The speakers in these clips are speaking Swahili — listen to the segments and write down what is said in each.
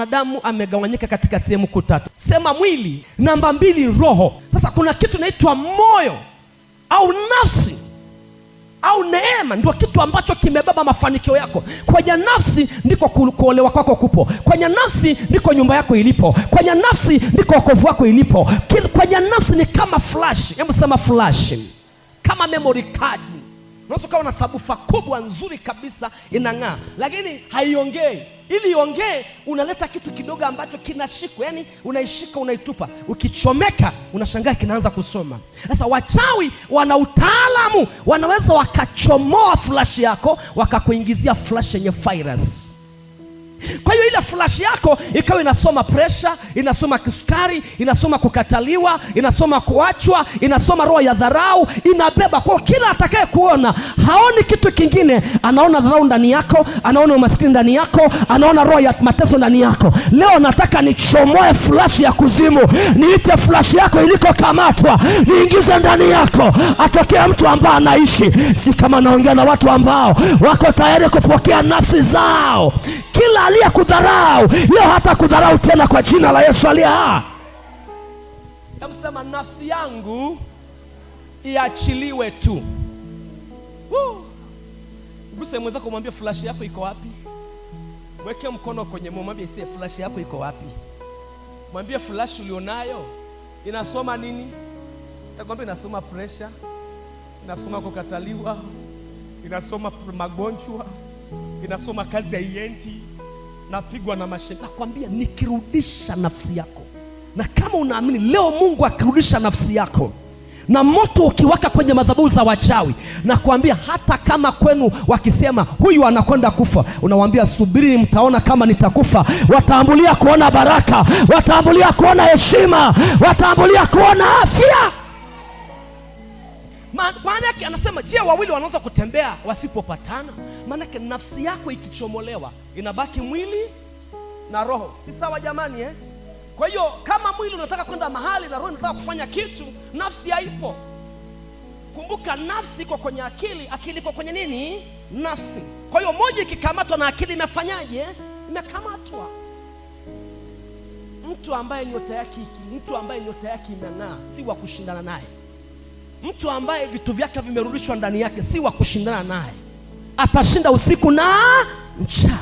Mwanadamu amegawanyika katika sehemu kuu tatu, sema mwili, namba mbili roho. Sasa kuna kitu naitwa moyo au nafsi au neema, ndio kitu ambacho kimebeba mafanikio yako. Kwenye nafsi ndiko kuolewa kwako kupo, kwenye nafsi ndiko nyumba yako ilipo, kwenye nafsi ndiko wokovu wako ilipo. Kwenye nafsi ni kama flash, hebu sema flash, kama memory card Unaweza ukawa na sabufa kubwa nzuri kabisa inang'aa, lakini haiongei. Ili iongee, unaleta kitu kidogo ambacho kinashikwa, yani unaishika, unaitupa, ukichomeka unashangaa kinaanza kusoma. Sasa wachawi wana utaalamu, wanaweza wakachomoa flash yako wakakuingizia flash yenye virus. Kwa hiyo ile flash yako ikawa inasoma presha, inasoma kisukari, inasoma kukataliwa, inasoma kuachwa, inasoma roho ya dharau, inabeba kwa Kila atakaye kuona haoni kitu kingine, anaona dharau ndani yako, anaona umaskini ndani yako, anaona roho ya mateso ndani yako. Leo nataka nichomoe flash ya kuzimu, niite flash yako ilikokamatwa, niingize ndani yako, atokee mtu ambaye anaishi. Si kama naongea na watu ambao wako tayari kupokea nafsi zao kila aliyekudharau leo hata kudharau tena kwa jina la Yesu aliye hai. Amsema nafsi yangu iachiliwe tu. Guse mweza kumwambia flash yako iko wapi? Weke mkono kwenye moyo, mwambie sie, flash yako iko wapi? Mwambie flash ulionayo inasoma nini? Takwambia inasoma pressure, inasoma kukataliwa, inasoma magonjwa, inasoma kazi ya ienti napigwa na mashetani. Nakwambia nikirudisha nafsi yako, na kama unaamini leo Mungu akirudisha nafsi yako na moto ukiwaka kwenye madhabahu za wachawi, na kuambia hata kama kwenu wakisema huyu anakwenda kufa, unawambia subiri, mtaona kama nitakufa. Wataambulia kuona baraka, wataambulia kuona heshima, wataambulia kuona afya. Maanake anasema je, wawili wanaweza kutembea wasipopatana? Maanake nafsi yako ikichomolewa inabaki mwili na roho, si sawa jamani eh? Kwa hiyo kama mwili unataka kwenda mahali na roho inataka kufanya kitu, nafsi haipo. Kumbuka nafsi iko kwenye akili, akili iko kwenye nini? Nafsi. Kwa hiyo moja ikikamatwa na akili imefanyaje? Imekamatwa. Mtu ambaye nyota yake, mtu ambaye nyota yake imeng'aa, si wa kushindana naye. Mtu ambaye vitu vyake vimerudishwa ndani yake si wa kushindana naye, atashinda usiku na mchana.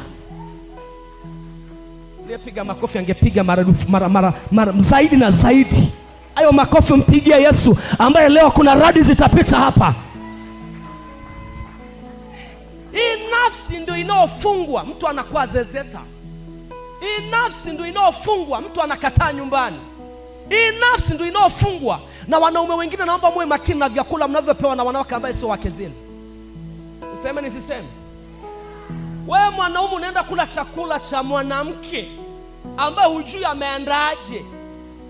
Aliyepiga makofi angepiga maradufu mara, mara, mara, zaidi na zaidi. Hayo makofi mpigie Yesu, ambaye leo kuna radi zitapita hapa. Hii nafsi ndio inaofungwa, mtu anakuwa zezeta. Hii nafsi ndio inaofungwa, mtu anakataa nyumbani hii nafsi ndio inaofungwa na wanaume wengine. Naomba muwe makini na vyakula mnavyopewa na wanawake ambaye sio wake zenu. Niseme nisiseme? Wewe mwanaume unaenda kula chakula cha mwanamke ambaye hujui ameandaaje,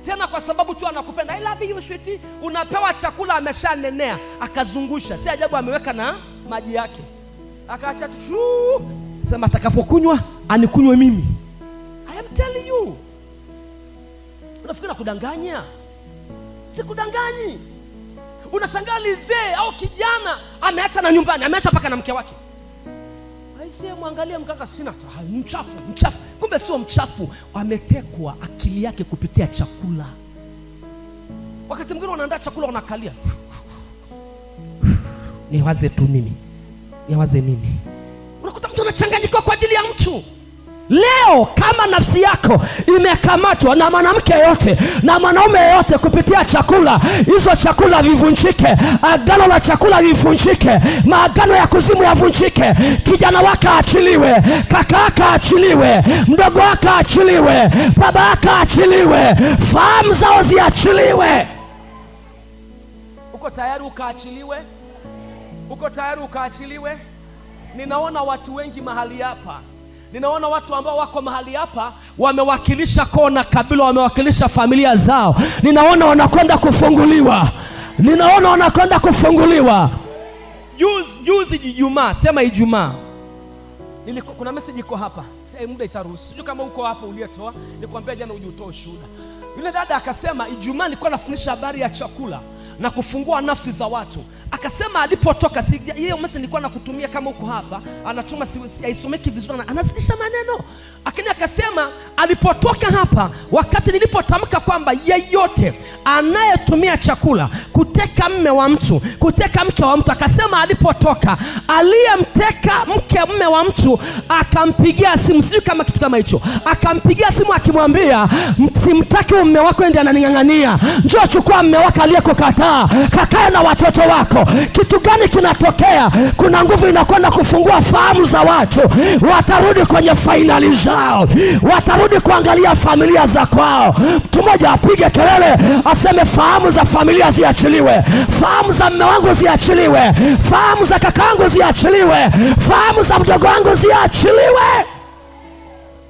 tena kwa sababu tu anakupenda I love you sweetie, unapewa chakula ameshanenea, akazungusha. Si ajabu ameweka na maji yake, akaacha tu, sema atakapokunywa anikunywe mimi. I am telling you Unafikiri nakudanganya? Sikudanganyi. Unashangaa lizee au kijana ameacha na nyumbani, ameacha mpaka na mke wake. Aisee, mwangalie mkaka, sina mchafu, mchafu. Kumbe sio mchafu, ametekwa akili yake kupitia chakula. Wakati mwingine wanaandaa chakula wanakalia, niwaze tu mimi, niwaze mimi. Unakuta mtu anachanganyikiwa kwa ajili ya mtu Leo kama nafsi yako imekamatwa na mwanamke yote na mwanaume yote kupitia chakula, hizo chakula vivunjike, agano la chakula vivunjike maagano ya kuzimu yavunjike. Kijana wako achiliwe, kaka yako achiliwe, mdogo wako achiliwe, baba yako achiliwe, fahamu zao ziachiliwe. Uko tayari ukaachiliwe? Uko tayari ukaachiliwe? Ninaona watu wengi mahali hapa Ninaona watu ambao wako mahali hapa wamewakilisha na kabila, wamewakilisha familia zao. Ninaona wanakwenda kufunguliwa, ninaona wanakwenda kufunguliwa. Juzi juzi Ijumaa, sema Ijumaa, kuna message iko hapa, muda itaruhusu, sijui kama uko hapo uliyetoa. Nikwambia jana uje utoe Yule dada akasema Ijumaa nilikuwa nafundisha habari ya chakula na kufungua nafsi za watu, Akasema alipotoka sija hiyo message nilikuwa nakutumia kama huko hapa, anatuma aisomeki vizuri, anazidisha maneno. Lakini akasema alipotoka hapa, wakati nilipotamka kwamba yeyote anayetumia chakula kuteka mme wa mtu, kuteka mke wa mtu, akasema alipotoka, aliyemteka mke mme wa mtu akampigia simu, sijui kama kitu kama hicho, akampigia simu akimwambia, simtaki mme wako, ndi ananing'ang'ania, njoo chukua mme wako aliyekokataa, kakae na watoto wako yako. Kitu gani kinatokea? Kuna nguvu inakwenda kufungua fahamu za watu, watarudi kwenye fainali zao, watarudi kuangalia familia za kwao. Mtu mmoja apige kelele aseme, fahamu za familia ziachiliwe, fahamu za mme wangu ziachiliwe, fahamu za kaka wangu ziachiliwe, fahamu za mdogo wangu ziachiliwe.